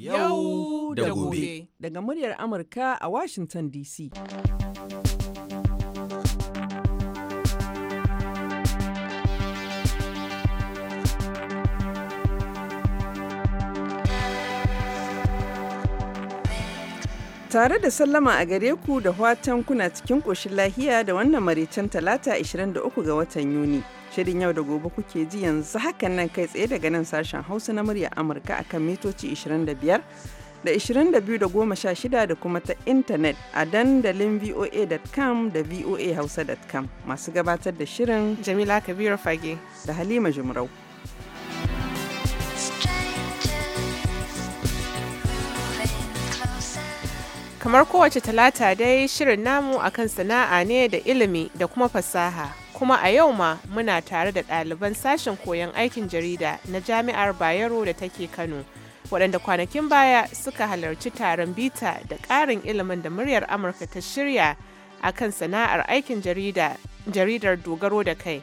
yau da gobe daga muryar amurka a washington dc tare da sallama a gare ku da watan kuna cikin ƙoshin lahiya da wannan maraicen talata 23 ga watan yuni Shirin yau da gobe kuke ji yanzu hakan nan kai tsaye daga nan sashen Hausa na murya Amurka akan mitoci 25 da 22 da da kuma ta intanet a dandalin voa.com da voahausa.com masu gabatar da shirin Jamila Kabiru Fage da Halima Jumrau. kamar kowace talata dai shirin namu akan sana'a ne da ilimi da kuma fasaha kuma a yau ma muna tare da ɗaliban sashen koyon aikin jarida na Jami'ar Bayero da take Kano, waɗanda kwanakin baya suka halarci taron bita da ƙarin ilimin da muryar Amurka ta shirya a kan sana'ar aikin jarida, jaridar dogaro da kai.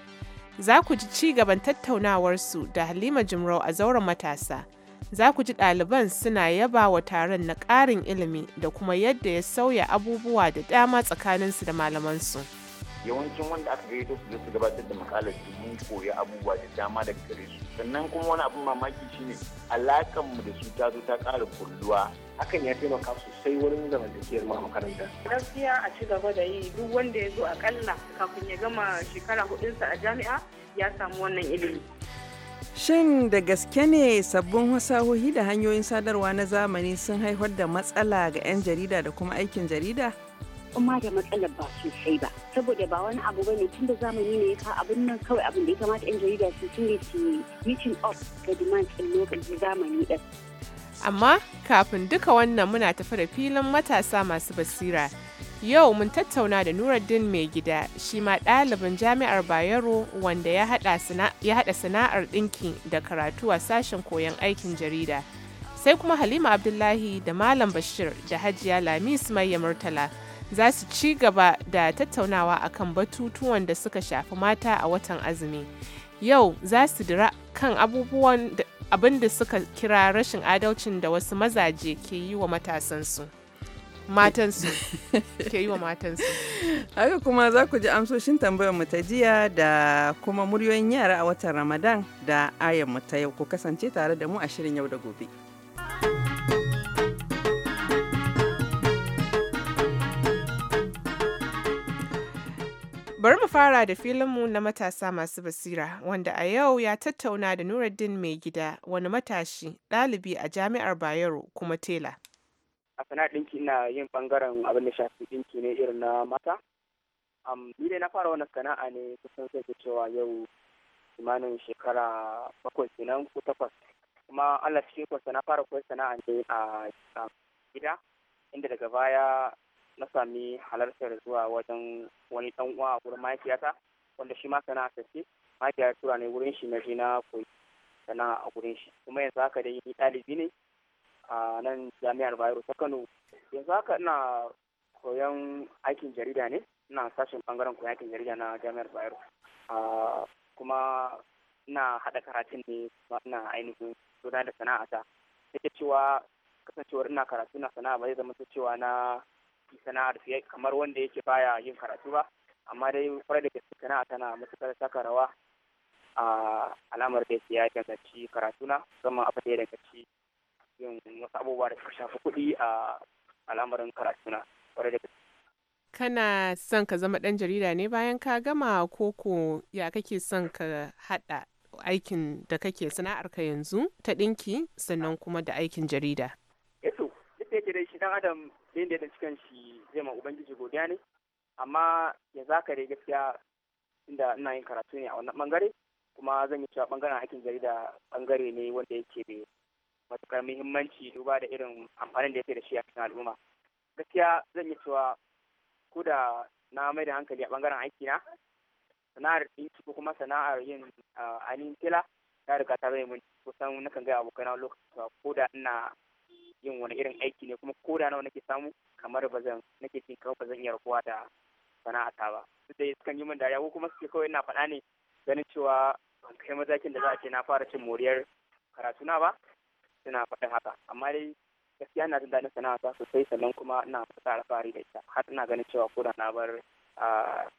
Za ku ji ci gaban tattaunawarsu da Halima Jimrau a zauren matasa. Za ku ji ɗaliban suna yaba wa taron na ƙarin ilimi da kuma yadda ya sauya abubuwa da dama tsakaninsu da malamansu. yawancin wanda aka gaito su su gabatar da makalar su mun koya abubuwa da dama daga gare su sannan kuma wani abin mamaki shine alakan mu da su ta zo ta ƙara kulluwa hakan ya taimaka sosai wurin zamantakewar mu a makaranta gaskiya a ci gaba da yi duk wanda ya zo akalla kafin ya gama shekara hudunsa a jami'a ya samu wannan ilimi Shin da gaske ne sabbin fasahohi da hanyoyin sadarwa na zamani sun haifar da matsala ga 'yan jarida da kuma aikin jarida? kuma da matsalar ba sosai ba saboda ba wani abu bane tun da zamani ne ka abin nan kawai abin da ya kamata yan jarida su shine su meeting up ga demand in lokacin zamani din amma kafin duka wannan muna tafi da filin matasa masu basira yau mun tattauna da Nuruddin mai gida shi ma ɗalibin jami'ar Bayero wanda ya haɗa sana'ar ɗinki da karatu a sashen koyon aikin jarida sai kuma Halima Abdullahi da Malam Bashir da Hajiya Lamis Maiya Murtala za su ci gaba da tattaunawa akan batutuwan da suka shafi mata a watan azumi. Yau za su dira kan abubuwan abin da suka kira rashin adalcin da wasu mazaje ke yi wa matasansu. matansu ke yi wa matansu haka kuma za ku ji amsoshin tambayar mu ta jiya da kuma muryoyin yara a watan ramadan da ayan ta yau ku kasance tare da mu a shirin yau da gobe Bari mu fara da filinmu na matasa masu basira wanda a yau ya tattauna da Nuruddin mai gida wani matashi ɗalibi a jami'ar Bayero kuma tela. A sana ɗinki na yin ɓangaren abin da shafi ɗinki ne irin na mata. ni dai na fara wannan sana'a ne kusan sai cewa yau kimanin shekara bakwai kenan ko takwas. Kuma Allah shi kwasa na fara koyar sana'a ne a gida inda daga baya na sami halartar zuwa wajen wani dan uwa a wurin mahaifiyata wanda shi ma a sassi mahaifiyar tura ne wurin shi na je na koyi sana'a a wurin shi kuma yanzu haka dai ni ɗalibi ne a nan jami'ar bayero ta kano yanzu haka ina koyon aikin jarida ne ina sashen bangaren koyon aikin jarida na jami'ar bayero kuma ina haɗa karatun ne ina ainihin gudanar da sana'ata da cewa kasancewar ina karatu na sana'a ba zai zama cewa na sana'ar fiye kamar wanda yake baya yin karatu ba amma dai kwarai da gaske sana'a tana matukar saka rawa a alamar da ya danganci karatu na musamman abin da ya yin wasu abubuwa da suka shafi kuɗi a al'amarin karatu na kwarai da gaske. Kana son ka zama ɗan jarida ne bayan ka gama koko ya kake son ka haɗa aikin da kake ka yanzu ta ɗinki sannan kuma da aikin jarida? yake da shi dan adam da yadda ya cikin shi zai ma ubangiji godiya ne amma ya zaka dai gaskiya inda ina yin karatu ne a wannan bangare kuma zan yi cewa bangaren aikin jarida bangare ne wanda yake da matukar muhimmanci duba da irin amfanin da yake da shi a cikin al'umma gaskiya zan yi cewa ko da na mai da hankali a bangaren aiki na sana'ar ɗinki ko kuma sana'ar yin ah, ainihin tela ta riga ta zai mun kusan nakan gaya na lokacin ko da ina yin wani irin aiki ne kuma ko nawa nake samu kamar ba zan nake cin kawai ba zan iya rakuwa da sana'ata ba duk da sukan yi min dariya ko kuma suke kawai na faɗa ne ganin cewa ban kai matakin da za a ce na fara cin moriyar karatu na ba suna faɗin haka amma dai gaskiya ina jin daɗin sana'ata sosai sannan kuma ina fata alfahari da ita har ina ganin cewa ko da na bar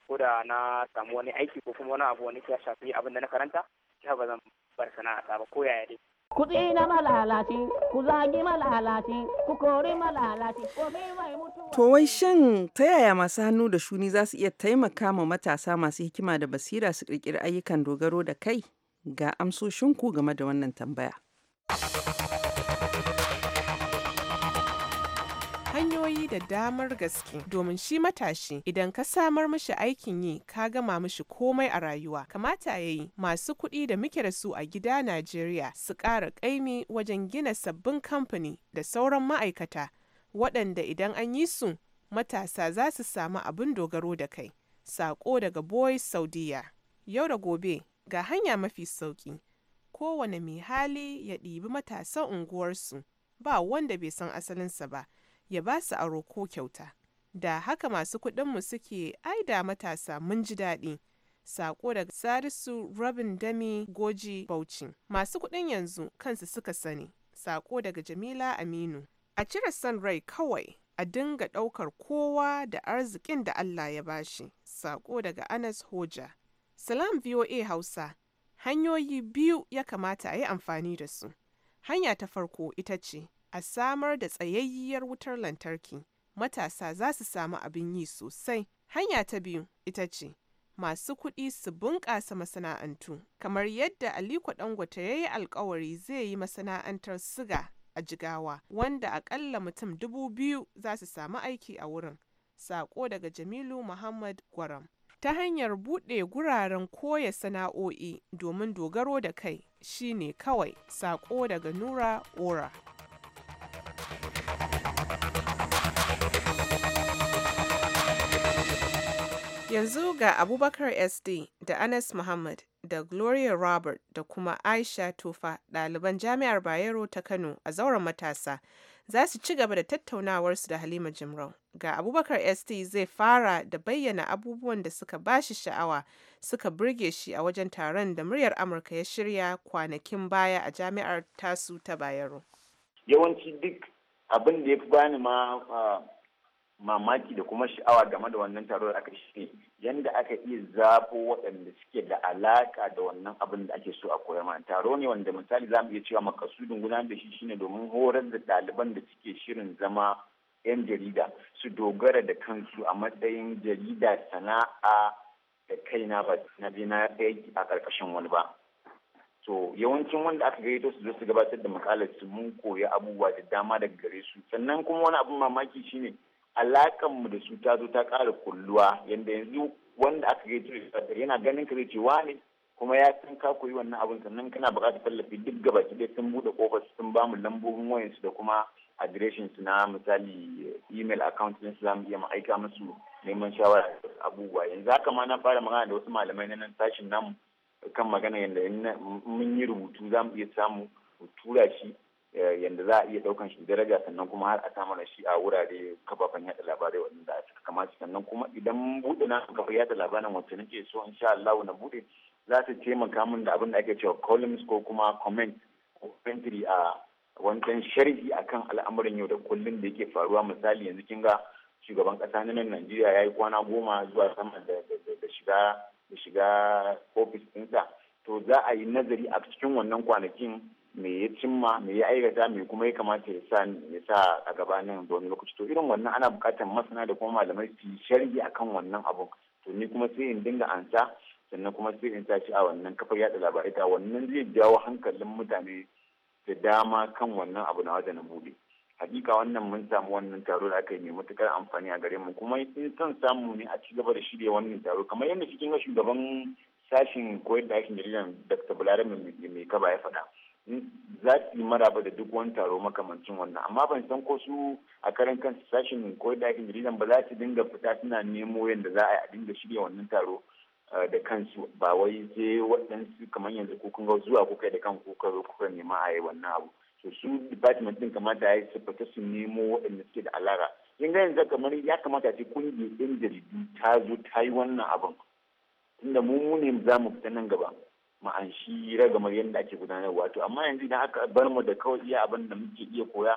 ko da na samu wani aiki ko kuma wani abu wani ya shafi abin da na karanta ya ba zan bar sana'ata ba ko yaya dai ku tsina malalaci ku zagi malalaci ku kori malalaci mai mutuwa to wai shin ta yaya masu hannu da shuni za su iya taimaka ma matasa masu hikima da basira su ƙirƙiri ayyukan dogaro da kai ga amsoshinku game da wannan tambaya hanyoyi da damar gaske domin shi matashi idan ka samar mishi aikin yi ka gama mishi komai a rayuwa kamata ya yi masu kuɗi da muke da su a gida Najeriya su ƙara ƙaimi wajen gina sabbin kamfani da sauran ma'aikata waɗanda idan an yi su matasa za su samu abin dogaro da kai. Sako daga Boy Saudiya. Yau da gobe ga hanya mafi sauƙi. Kowane mai hali ya ɗibi matasan unguwarsu ba wanda bai san asalinsa ba. ya ba su aro ko kyauta da haka masu kuɗinmu suke Ai da matasa mun ji daɗi sako daga sarisu rabin dami goji bauchi masu kuɗin yanzu kansu suka sani sako daga jamila aminu a cire son rai kawai a dinga ɗaukar kowa da arzikin da allah ya bashi sako daga anas hoja salam voa hausa hanyoyi biyu ya kamata a yi amfani da su hanya ta farko ita ce a samar da tsayayyiyar wutar lantarki matasa za su samu abin yi sosai. Hanya ta biyu ita ce masu kuɗi su bunƙasa masana'antu kamar yadda Aliko Dangote ya yi alkawari zai yi masana'antar siga a jigawa wanda aƙalla mutum dubu biyu za su samu aiki a wurin. saƙo daga Jamilu Muhammad Gwaram. Ta hanyar buɗe guraren koya sana'o'i domin dogaro da kai shine kawai saƙo daga Nura Ora. Yanzu ga Abubakar SD da Anas Muhammad da Gloria Robert da kuma Aisha Tofa ɗaliban Jami'ar Bayero ta Kano a zauren matasa za su ci gaba da tattaunawar su da Halima Jimrau. Ga Abubakar ST zai fara da bayyana abubuwan da suka bashi sha'awa suka burge shi a wajen taron da muryar Amurka ya shirya kwanakin baya a Jami'ar tasu ta Bayero. Yawanci duk abin da ya fi bani ma ah, mamaki da kuma sha'awa game da wannan taro da aka shi yadda aka iya zabo waɗanda suke da alaka da wannan abin da ake so a koya mana taro ne wanda misali za mu iya cewa makasudin gudanar da shi shine domin horar da ɗaliban da suke shirin zama 'yan jarida su dogara da kansu a matsayin jarida sana'a da kaina ba na je na aiki a ƙarƙashin wani ba to yawancin wanda aka gaito su zo su gabatar da makalar su mun koya abubuwa da dama daga gare su sannan kuma wani abin mamaki shine alakanmu da su ta zo ta ƙara kulluwa yadda yanzu wanda aka gaji yana ganin ka zai ce kuma ya san ka koyi wannan abin sannan kana buƙatar tallafi duk gaba ki sun buɗe ƙofar sun ba mu lambobin wayansu da kuma adireshin su na misali eh, email account din su zamu iya mu aika musu neman shawara abubuwa yanzu haka ma na fara magana da wasu malamai na nan sashin namu kan magana yadda mun yi rubutu zamu iya samu mu tura shi Eh, yadda za a iya daukan shi daraja sannan kuma har a samar da shi a wurare kafafen yada labarai wanda a cika kamata sannan kuma idan buɗe na kafa yada labarin wacce nake so in sha Allah na buɗe za ta taimaka min da abin da ake cewa columns ko kuma comment ko commentary a wancan sharhi akan al'amuran yau da kullum da yake faruwa misali yanzu kin ga shugaban kasa na nan Najeriya ya yi kwana goma zuwa sama da shiga da shiga ofis ɗinsa to za a yi nazari a cikin wannan kwanakin me ya cimma me ya aikata me kuma ya kamata ya sa ya sa a gabanin da wani lokaci to irin wannan ana buƙatar masana da kuma malamai su sharhi akan wannan abun to ni kuma sai in dinga ansa sannan kuma sai in tashi a wannan kafar yada labarai ta wannan zai jawo hankalin mutane da dama kan wannan abu na wajen buɗe hakika wannan mun samu wannan taro da aka yi mai matukar amfani a gare mu kuma in san samu ne a ci gaba da shirya wannan taro kamar yadda cikin shugaban sashin koyar da aikin jaridan dr bulare mai kaba ya faɗa za su yi maraba da duk wani taro makamancin wannan amma ban san ko su a karan kan sashen ko da yakin jaridan ba za su dinga fita suna nemo yadda za a a dinga shirya wannan taro eh, da kansu ba wai sai waɗansu kamar yanzu ko kun ga zuwa kai da kanku kuka ko kuka nema a yi wannan abu to su department din kamata ya yi su fita su nemo waɗanda suke da alaƙa kin ga yanzu kamar ya kamata ce kungiyar ɗin jaridu ta zo ta yi wannan abin tunda mu mu ne za mu fita nan gaba ma'anshi ragamar yadda ake gudanarwa to amma yanzu idan aka bar mu da kawai iya abin da muke iya koya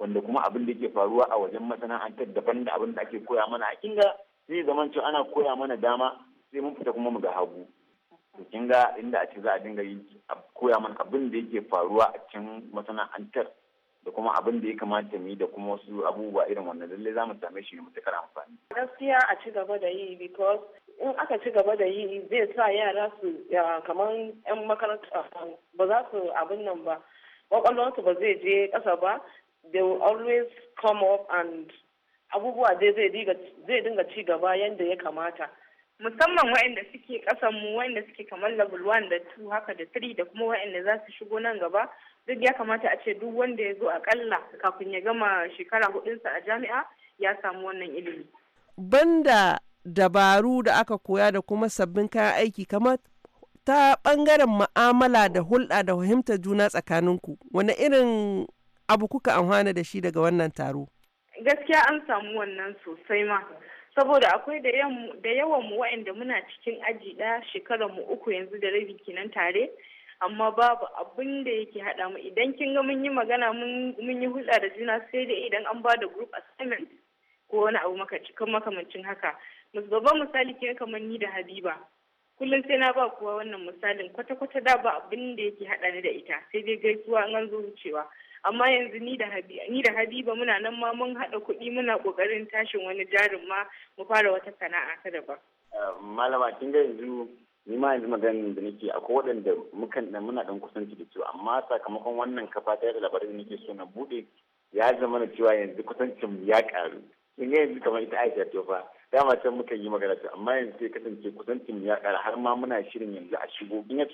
wanda kuma abin da ke faruwa a wajen masana'antar daban da abin da ake koya mana a kinga zai zaman cewa ana koya mana dama sai mun fita kuma mu ga hagu to kinga inda a ce za a dinga yi koya mana abin da yake faruwa a cikin masana'antar da kuma abin da ya kamata mu yi da kuma wasu abubuwa irin wannan lallai za mu same shi ne matuƙar amfani. Gaskiya a ci gaba da yi because in aka ci gaba da yi zai sa yara su kamar 'yan makaranta ba za su abin nan ba su ba zai je ƙasa ba they will always come up and abubuwa zai dinga ci gaba yadda ya kamata musamman waɗanda suke ƙasan mu waɗanda suke kamar level 1 da 2 haka da 3 da kuma waɗanda za su shigo nan gaba duk ya kamata a ce duk wanda ya zo akalla kafin ya gama shekara hudunsa a jami'a ya samu wannan ilimi banda dabaru da aka koya da kuma sabbin kayan aiki kamar ta bangaren ma'amala da hulɗa da fahimtar juna tsakaninku wani irin abu kuka amfana da shi daga wannan taro gaskiya an samu wannan sosai ma saboda akwai da yawan mu wa'anda muna cikin aji ɗaya shekarar mu uku yanzu da rabi kenan tare amma babu abin da yake haɗa mu idan kin ga mun yi magana mun yi hulɗa da juna sai dai idan an ba da group assignment ko wani abu makamancin haka babban misali ke kamar ni da habiba kullum sai na ba kuwa wannan misalin kwata-kwata da ba abin da yake haɗa ni da ita sai dai gaisuwa an an zo wucewa amma yanzu ni da habiba muna nan ma mun haɗa kuɗi muna ƙoƙarin tashin wani jarin ma mu fara wata sana'a ta daban. malama kin ga yanzu ni ma yanzu maganin da nake akwai waɗanda mukan da muna ɗan kusanci da cewa amma sakamakon wannan kafa ta yadda labarin da nake so na buɗe ya zama na cewa yanzu kusancin ya ƙaru kin ga yanzu kamar ita aisha tofa dama can muka yi magana ta amma yanzu sai kasance kusancin ya kara har ma muna shirin yanzu a shigo in ya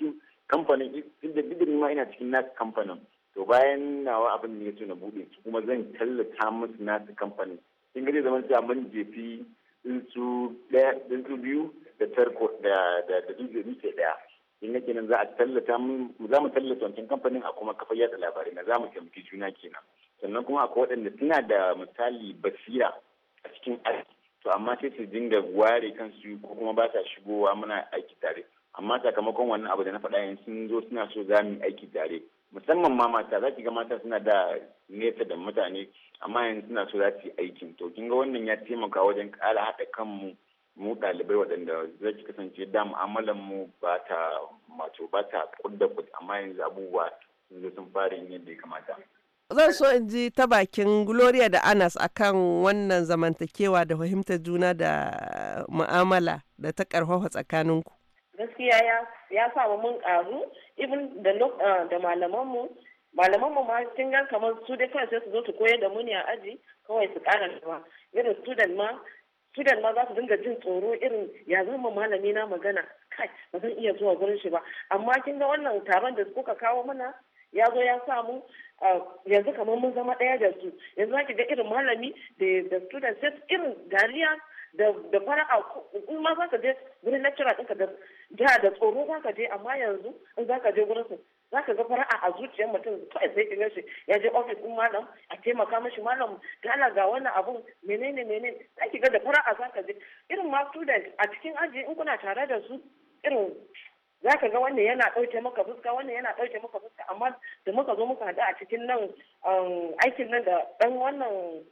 kamfanin duk da ma ina cikin nasu kamfanin to bayan nawa abin da ya ce na buɗe su kuma zan tallata musu nasu kamfanin in ga zai zama cewa mun jefi tsuntsu ɗaya tsuntsu biyu da tarko da da da dutse ɗaya in nake nan za a tallata mu za mu tallata wancan kamfanin a kuma kafa yatsa labarai na za mu taimaki juna kenan sannan kuma akwai waɗanda suna da misali basira a cikin aiki to amma sai su dinga ware kansu ko kuma ba sa shigowa muna aiki tare amma sakamakon wannan abu da na faɗa yanzu sun zo suna so za mu aiki tare musamman ma mata za ki ga mata suna da nesa da mutane amma yanzu suna so za su yi aikin to kin ga wannan ya taimaka wajen ƙara haɗa kanmu mu ɗalibai waɗanda zai ki kasance da mu'amalar mu ba ta mato ba ta kud da amma yanzu abubuwa sun zo sun fara yin yadda ya kamata. zan so in ji ta bakin gloria da anas akan wannan zamantakewa da fahimtar juna da mu'amala da ta karfafa tsakaninku gaskiya ya sa mun karu even da ah, malamanmu malaman ma kin ga kamar su dai kawai sai su zo su koyar da mu ne a aji kawai su kara gaba irin student ma student ma za su dinga jin tsoro irin ya zama malami na magana kai ba zan iya zuwa gurin shi ba amma kin ga wannan taron da kuka kawo mana ya zo ya sa yanzu kamar mun zama ɗaya da su yanzu zaki ga irin malami da student sai irin dariya da fara'a in ma za ka je wurin lecturer ɗinka da da da tsoro za ka je amma yanzu in za ka je wurin su za ka ga fara'a a zuciyar mutum kawai sai ka shi ya je ofis ɗin malam a taimaka mashi malam gala ga wannan abun menene menene za ki ga da fara'a za ka je irin ma student a cikin aji in kuna tare da su irin za ka ga wannan yana ɗauke maka fuska wannan yana ɗauke maka fuska amma da muka zo muka hada a cikin nan um, aikin nan da ɗan wannan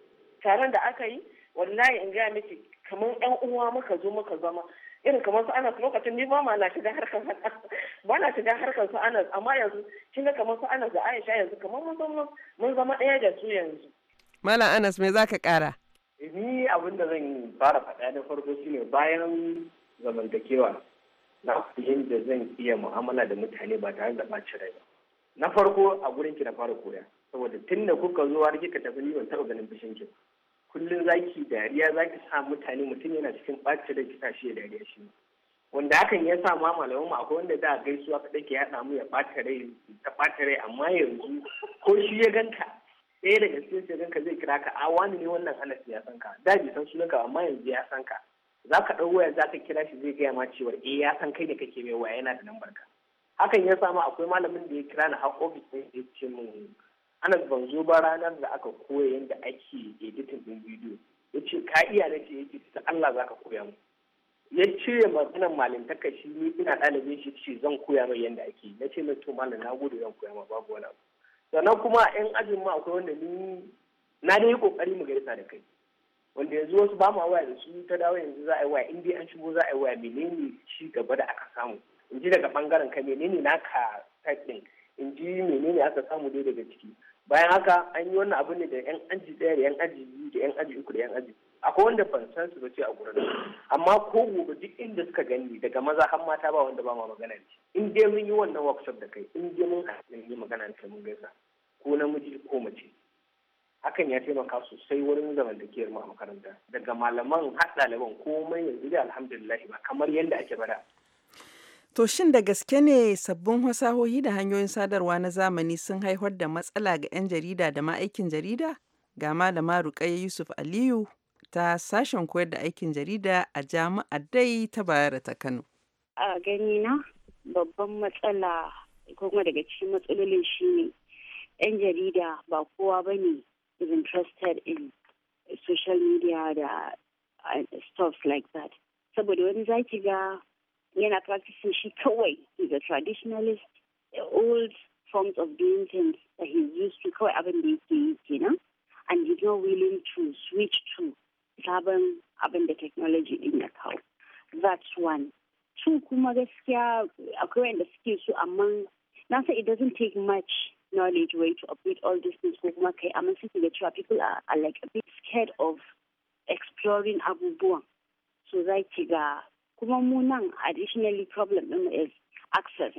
taron da aka yi wallahi in gaya miki kamar ɗan uwa muka zo muka zama irin kamar su anas lokacin ni ba ma na shiga harkar ba na shiga harkar su anas amma yanzu kin ga kamar su anas da aisha yanzu kamar mun zama mun zama ɗaya da su yanzu mala anas me zaka kara eh, ni abin da zan fara faɗa da farko shine bayan zamantakewa na yadda zan iya mu'amala da mutane ba tare da ɓacin rai ba na farko a gurin ki na fara koya saboda tun da kuka zo har kika tafi ni ban taɓa ganin fushin ki kullum zaki dariya zaki sa mutane mutum yana cikin ɓacin rai kika shi dariya shi wanda hakan ya sa ma malamai mu akwai wanda da gaisuwa kaɗai ke yaɗa mu ya ɓata rai ta ɓata rai amma yanzu ko shi ya ganka ɗaya daga cikin ya ganka zai kira ka a wani ne wannan anas ya ka da bai san sunanka amma yanzu ya san ka za ka ɗau waya za ka kira shi zai gaya ma cewa eh ya san kai ne kake mai waya yana da lambar ka hakan ya samu akwai malamin da ya kira ni har ofis ɗin ya ce min anas ban zo ba ranar da aka koya yadda ake editing ɗin bidiyo ya ce ka iya na ce ya ce ta Allah za ka koya mu ya cire maganar malintaka shi ni ina ɗalibin shi ce zan koya mai yadda ake na ce mai to malam na gode zan koya ma babu wani abu sannan kuma yan ajin ma akwai wanda ni na dai kokari mu gaisa da kai wanda yanzu wasu ba ma waya da su ta dawo yanzu za a yi waya in dai an shigo za a yi waya menene ci gaba da aka samu in ji daga bangaren ka menene naka type in ji menene aka samu dai daga ciki bayan haka an yi wannan abu ne da yan aji ɗaya da yan aji biyu da yan aji uku da yan aji akwai wanda ban san su ba ce a gurin amma ko gobe duk inda suka gani daga maza har mata ba wanda ba ma magana ne in dai mun yi wannan workshop da kai in dai mun yi magana da mun gaisa ko namiji ko mace hakan ya taimaka sosai wurin zamantakewar mu a makaranta daga malaman har ɗaliban komai yanzu da alhamdulillah ba kamar yadda ake bada To shin da gaske ne sabbin fasahohi da hanyoyin sadarwa na zamani sun haifar da matsala ga 'yan jarida da ma aikin jarida? Ga malama Rukayya Yusuf Aliyu ta sashen koyar da aikin jarida a jami'ar dai ta Bayero ta Kano. A gani na babban matsala kuma daga cikin matsalolin shi 'yan jarida ba kowa ba ne is interested in social media and uh, stuff like that. Somebody I yena practicing shikawai. He's a traditionalist, old forms of doing things that he used to call abin da yake you know, and he's not willing to switch to having abin the technology in the house. That's one. Two kuma gaskiya to the suke so amma it doesn't take much knowledge way to update all these things. I'm assuming that people are, are like a bit scared of exploring abu bua. so right ki ga kuma mu additionally problem is access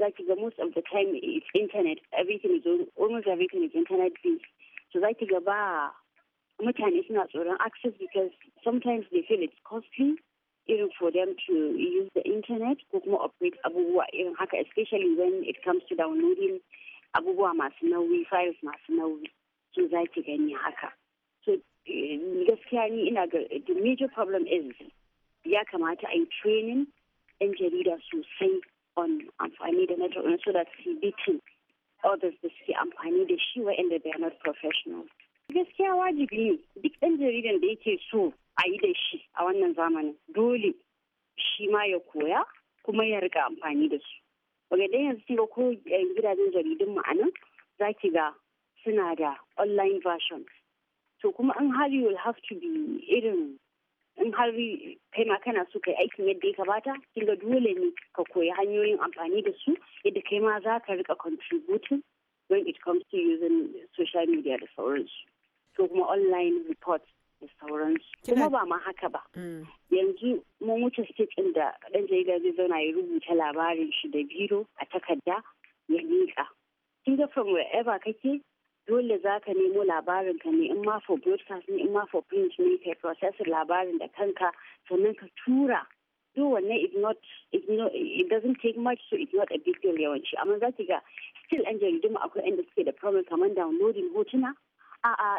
Like the most of the time it's internet everything is almost everything is internet based so right ki ga ba mutane not tsoron access because sometimes they feel it's costly even for them to use the internet ko update abu especially when it comes to downloading abubuwa masu nauyi files masu nauyi so za ki gani haka so eh, gaskiya ni ina ga the major problem is ya kamata a yi training yan jarida sosai on amfani da network so that su bitin others da suke amfani da shi inda they are not professional gaskiya wajibi ne duk ɗan jaridan da yake so a yi da shi a wannan zamanin dole shi ma ya koya kuma ya riga amfani da su Baga dai yanzu kinga ko eh, gidajen jaridun mu anan za ki ga suna da online version. To kuma in har you will have to be irin in har kai ma kana so kai aikin yadda ya kamata ga dole ne ka koyi hanyoyin amfani da su yadda kai ma za ka rika contributing when it comes to using social media da sauransu. To kuma online reports da sauransu kuma ba ma haka ba mm. yanzu mun wuce stik ɗin da ɗan jarida zai zauna ya rubuta labarin shi da biro a takarda ya miƙa kin ga from wherever kake dole za ka nemo labarin ka ne in ma for broadcast ne in ma for print ne kai process labarin da kanka sannan ka tura do wanne is not it doesn't take much so it's not a big deal yawanci amma za ki ga still an jaridun akwai inda suke da problem kamar downloading hotuna a'a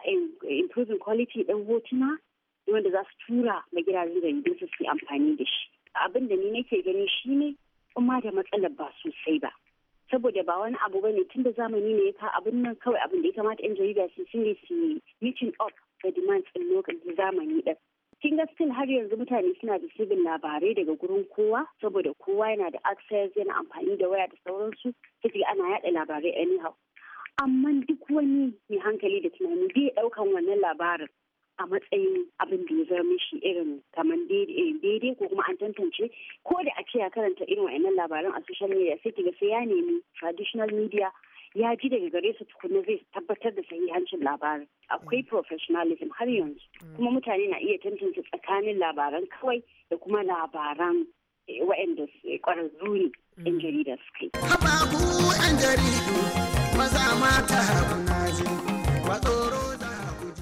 improving quality ɗin hotuna wanda za su tura ma gidajen yanzu su yi amfani da shi abin da ni nake gani shi ne kuma da matsalar ba sosai ba saboda ba wani abu bane tun da zamani ne ya ka abin nan kawai abin da ya kamata yan jarida su yi su meeting up da demands in lokacin zamani ɗin kin ga still har yanzu mutane suna da sibin labarai daga gurin kowa saboda kowa yana da access yana amfani da waya da sauransu su ana yada labarai anyhow amma duk wani mai hankali da tunani zai ɗaukan wannan labarin a matsayin abin da ya zama mishi irin kamar daidai eh, ko kuma an tantance ko da a ce ya karanta irin wa'annan labaran a social media sai kiga sai ya nemi traditional media ya ji daga gare su tukunna zai tabbatar da sahihancin labarin akwai mm. professionalism har yanzu mm. kuma mutane na iya tantance tsakanin labaran kawai da kuma labaran eh, waɗanda kwararru eh, ne mm. 'yan jarida suka yi.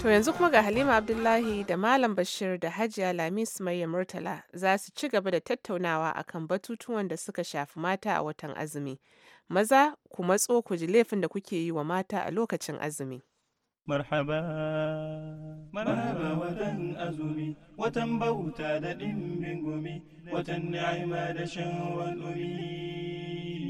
To yanzu kuma ga Halima Abdullahi da Malam Bashir da Hajiya Lamis maiya Murtala za su ci gaba da tattaunawa akan batutuwan da suka shafi mata a watan azumi. Maza ku matso ku ji laifin da kuke yi wa mata a lokacin azumi. Marhaba, marhaba watan azumi, watan bauta da ɗimbin gumi, watan ni'ima da shan wani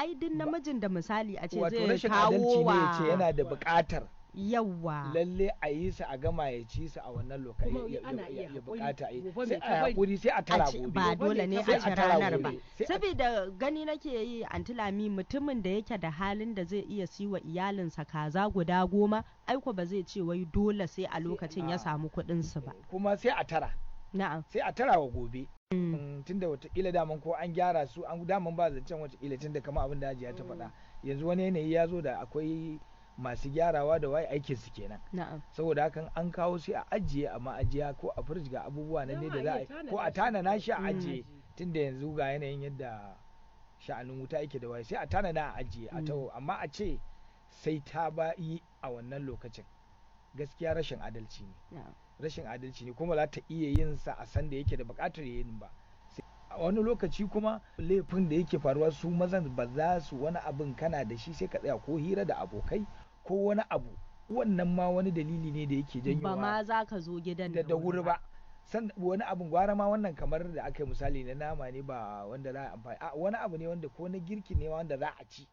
ai din namijin da misali a ce zai kawo wa ce yana da buƙatar yawa lalle a yi su a gama ya ci su a wannan lokaci ya bukata yi sai a hakuri sai a tara gobe ba dole ne a ci ranar ba saboda gani nake yi antilami mutumin da yake da halin da zai iya siwa iyalinsa kaza guda goma aiko ba zai ce wai dole sai a lokacin ya samu kuɗin su ba kuma sai a tara na'am sai a tarawa gobe mm. Mm, tunda watakila daman ko an gyara su an daman ba zancen watakila tunda kama abin da ajiya ta faɗa mm. yanzu wani yanayi ya zo da akwai masu gyarawa da waye aikin su kenan saboda hakan an kawo sai a ajiye a ma'ajiya ko a firji ga abubuwa na ne da za a yi ko a tanana shi a ajiye tunda yanzu ga yanayin yadda sha'anin wuta yake da waye sai a tanana a ajiye a taho amma a ce sai ta ba yi a wannan lokacin gaskiya rashin adalci ne rashin adalci ne kuma za ta iya yin sa a sanda yake da bukatar yin ba a wani lokaci kuma laifin da yake faruwa su mazan ba za su wani abin kana da shi sai ka tsaya ko hira da abokai ko wani abu wannan ma wani dalili ne da yake janyo ba ma za ka zo gidan da wuri ba san wani abin gwara ma wannan kamar da aka yi misali na nama ne ba wanda za a amfani a wani abu ne wanda ko na girki ne wanda za a ci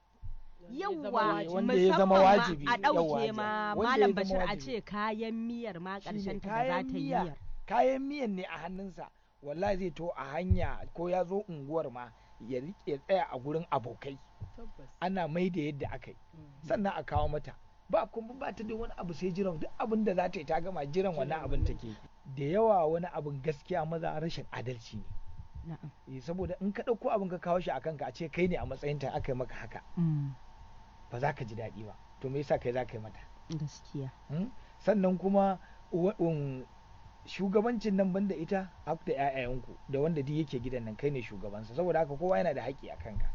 yawwa musamman ma a ɗauke ma malam bashir a ce kayan miyar ma ƙarshen ta za ta yi miyar kayan miyan ne a hannunsa wallahi zai to a hanya ko ya zo unguwar ma ya rike tsaya a gurin abokai ana mai da yadda aka yi mm. sannan a kawo mata ba kuma ba ta da wani abu sai jiran duk abin da za ta yi ta gama jiran wannan abin take da yawa wani abin gaskiya maza rashin adalci ne eh, saboda in ka ɗauko abin ka kawo shi a kanka a ce kai ne a matsayin ta aka yi maka haka mm. ba za ka ji daɗi ba to me yasa kai za ka yi mata gaskiya hmm? sannan kuma um, shugabancin nan banda ita ak da ƴaƴayenku da wanda duk yake gidan nan kai ne shugabansa saboda haka kowa yana da haƙƙi a kanka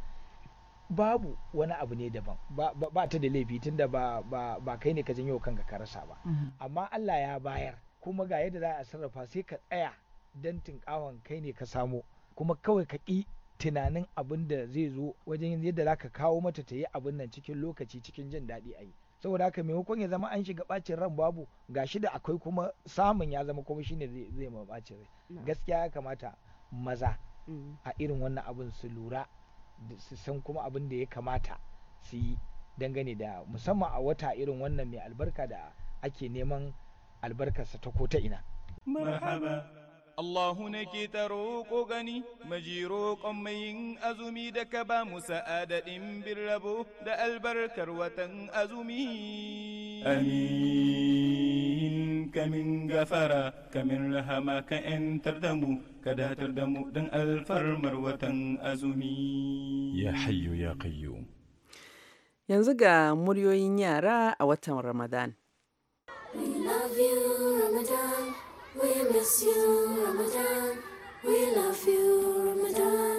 babu wani abu ne daban ba, ta da laifi tunda ba, ba, kai ne ka janyo kanka ka rasa ba mm-hmm. amma Allah ya bayar kuma ga yadda za a sarrafa sai ka tsaya dan tinkawan kai ne ka samo kuma kawai ka ƙi tunanin abin da zai zo wajen yadda zaka kawo mata ta yi abin nan cikin lokaci cikin jin daɗi a yi saboda haka maimakon ya zama an shiga bacin ran babu ga shi da akwai kuma samun ya zama kuma shine zai ma bacin rai gaskiya ya kamata maza mm. a irin wannan abin su lura su san kuma abin da ya kamata su yi dangane da musamman a wata irin wannan mai albarka da ake neman albarkarsa ta ko ta ina. Allahu ke ta roƙo gani, majiro roƙon azumi da ka ba mu sa'adaɗin bin rabo da albarkar watan azumi. Amin, kamin gafara, kamin rahama ka ‘yantar da mu, ka datar da mu don alfarmar watan azumi. Ya hayyo ya kayyo. Yanzu ga muryoyin yara a watan Ramadan. We love you. miss you, Ramadan. We love you, Ramadan.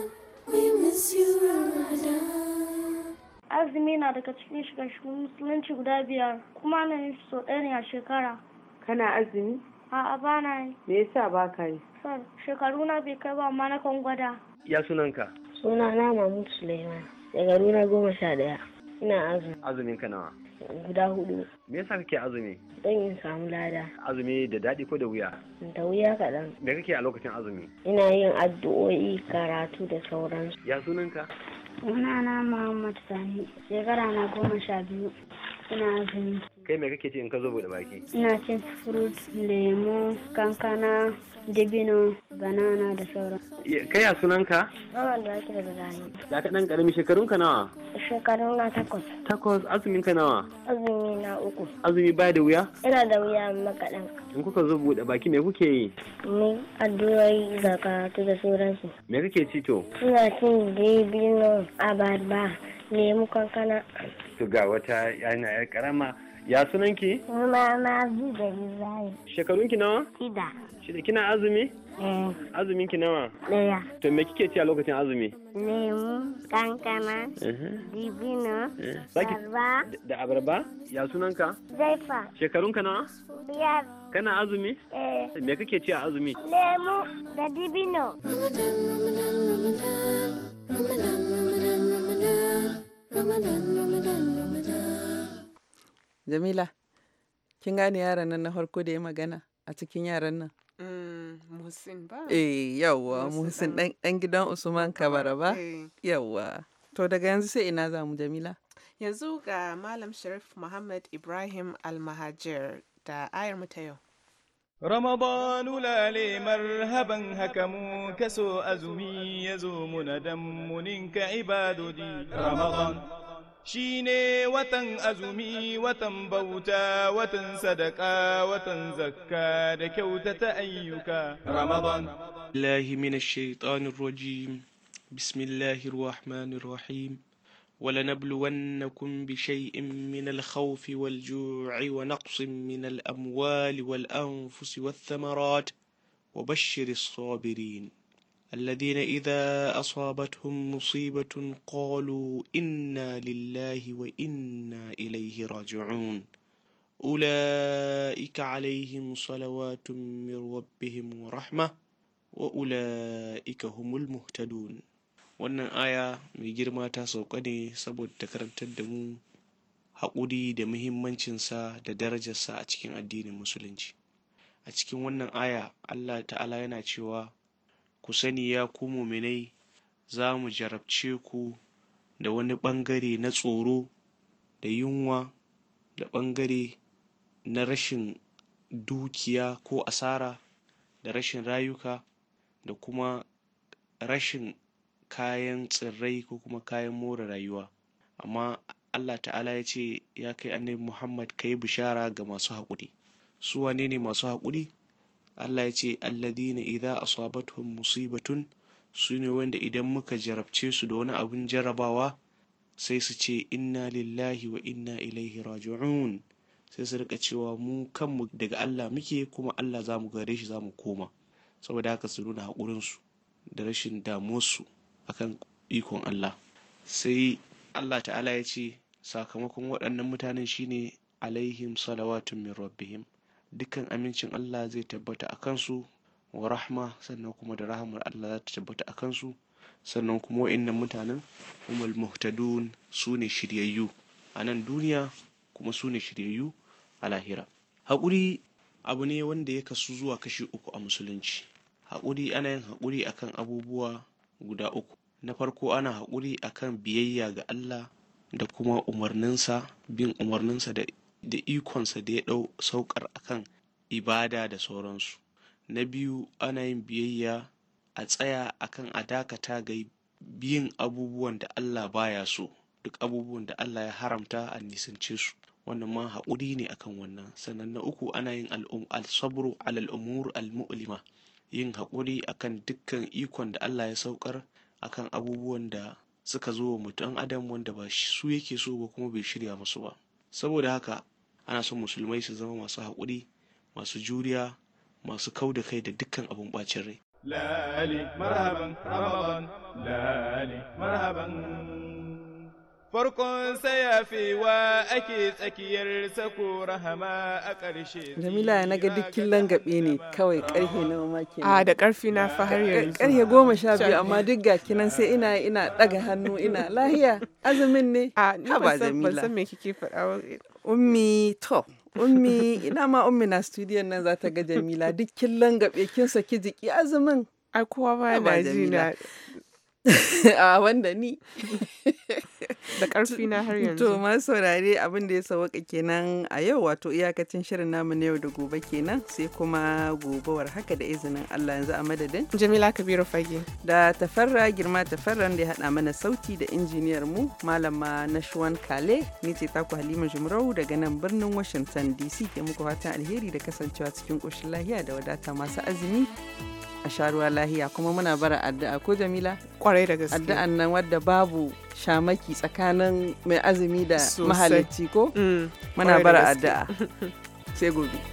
We miss you, Ramadan. Azumi na daga cikin shiga musulunci guda biyar kuma na yi so ɗaya a shekara. Kana azumi? A'a ba na yi. Me yasa ba ka yi? Sir, shekaru na bai kai ba amma na kan gwada. Ya sunanka? Suna na Mahmud Suleiman. Shekaru na goma sha ɗaya. Ina azumi. Azumin ka nawa? guda hudu me yasa kake azumi dan in samu lada azumi da daɗi ko da wuya da wuya kaɗan me kake a lokacin azumi ina yin addu'o'i karatu da sauransu ya sunanka sunana muhammad sani shekara na goma sha biyu ina azumi kai me kake ci in ka zo bude baki ina cin fruit lemo kankana dibino banana da sauran kai a sunanka Maman da ake da zani ya ka dan karami shekarun ka nawa shekarun na takwas takwas azumin ka nawa azumi na uku azumi ba da wuya ina da wuya amma kaɗan in kuka zo buɗe baki me kuke yi ni addu'ai ga karatu da sauransu me kake ci to ina cin dibino abarba lemu kankana to ga wata yana karama Ya sunan ki? Sunana Zuba rizayi. Shekarun ki nawa? Shida. Shida kina azumi? Eh. Azumin ki nawa? Daya. To me kike ci a lokacin azumi? Lemu, kankana, dibino, eh. abarba. Da abarba? Ya sunan ka? Zaifa. Shekarun ka nawa? Biyar. Kana azumi? Eh. Me kake ci a azumi? Lemu da dibino. Jamila, kin gane yaran nan na farko da ya magana a cikin yaran nan? Mm, Muhsin ba? Eh, yawwa, Muhsin ɗan gidan Usman Kabara ba? Eh. Yawwa. To daga yanzu sai ina za mu Jamila? Yanzu ga Malam Sharif Muhammad Ibrahim Almahajir da ayar mu ta yau. Ramadanu lale marhaban haka mu kaso azumi yazo mu muna dan muninka ibadodi Ramadan. shine watan azumi watan bauta watan sadaka watan zakka da kyautata ayyuka ramadan lahi minash shaitanir rajim bismillahir rahmanir rahim ولنبلونكم بشيء من الخوف والجوع ونقص من الأموال والأنفس والثمرات وبشر الصابرين الذين إذا أصابتهم مصيبة قالوا إنا لله وإنا إليه راجعون أولئك عليهم صلوات من ربهم ورحمة وأولئك هم المهتدون وأن آية من جرمة تاسوقني سبب تكرم تدمو haƙuri da muhimmancinsa da darajarsa a cikin addinin musulunci a cikin wannan aya Allah ta'ala ku sani ya ku muminai za mu jarabce ku da wani ɓangare na tsoro da yunwa da ɓangare na rashin dukiya ko asara da rashin rayuka da kuma rashin kayan tsirrai ko kuma kayan more rayuwa amma Allah ta'ala ya ce ya kai annabi Muhammad ka yi bishara ga masu haƙuri su wane ne masu haƙuri Allah ya ce alladina idza asabatuhum musibatun sune wanda idan muka jarabce su da wani abun jarabawa sai su ce inna lillahi wa inna ilaihi raji'un sai su rika cewa mu kanmu daga Allah muke kuma Allah za mu gare shi za mu koma saboda haka su nuna su da rashin damuwarsu akan ikon Allah sai Allah ta'ala ya ce sakamakon waɗannan mutanen shine alaihim salawatun min rabbihim dukkan amincin Allah zai tabbata a kansu wa rahma sannan kuma da rahamar Allah za ta tabbata a kansu sannan kuma wa'innan mutanen umar muhtadun su ne shiryayyu a nan duniya kuma su ne shiryayyu a lahira haƙuri abu ne wanda ya kasu zuwa kashi uku a musulunci haƙuri ana yin haƙuri akan abubuwa guda uku na farko ana haƙuri akan biyayya ga Allah da kuma umarninsa bin umarninsa da da ikonsa da ya ɗau saukar akan ibada da sauransu na biyu ana yin biyayya a tsaya akan a dakata ga biyun abubuwan da Allah baya so duk abubuwan da Allah ya haramta a nisance su wannan ma haƙuri ne akan wannan sannan na uku ana yin al-sabru alal al-mu'lima yin haƙuri akan dukkan ikon da Allah ya saukar akan abubuwan da suka zo wa mutum adam wanda ba su yake so ba kuma bai shirya musu ba saboda haka ana son musulmai su zama masu haƙuri masu juriya masu kau da kai da dukkan abin ɓacin rai lali marhaban ramadan lali marhaban farkon sayafewa ake tsakiyar sako rahama a ƙarshe jamila na ga dukkan langabe ne kawai ƙarfe na ke a da ƙarfi na fa har yanzu ƙarfe goma sha biyu amma duk ga kinan sai ina ina ɗaga hannu ina lahiya azumin ne a ba jamila ban san me kike faɗa Ummi to, Ummi ina ma Ummi na studiyon nan za ta ga Jamila duk kin langabe kin saki jiki azumin. a kowa ba na ji A wanda ni. da ƙarfi na har yanzu to ma saurare abin da ya sauka kenan a yau wato iyakacin shirin namu na yau da gobe kenan sai kuma gobewar haka da izinin Allah yanzu a madadin Jamila Kabiru Fage da tafarra girma tafarra da ya haɗa mana sauti da injiniyar mu malama Nashwan Kale ni ce taku Halima Jumrau daga nan birnin Washington DC ke muku fatan alheri da kasancewa cikin koshin lahiya da wadata masu azumi a sharuwa lahiya kuma muna bara addu'a ko jamila kwarai da gaske addu'an nan wadda babu shamaki tsakanin mai azumi da mahalarci ko? Mm, Muna bara addu'a. Sai gobe.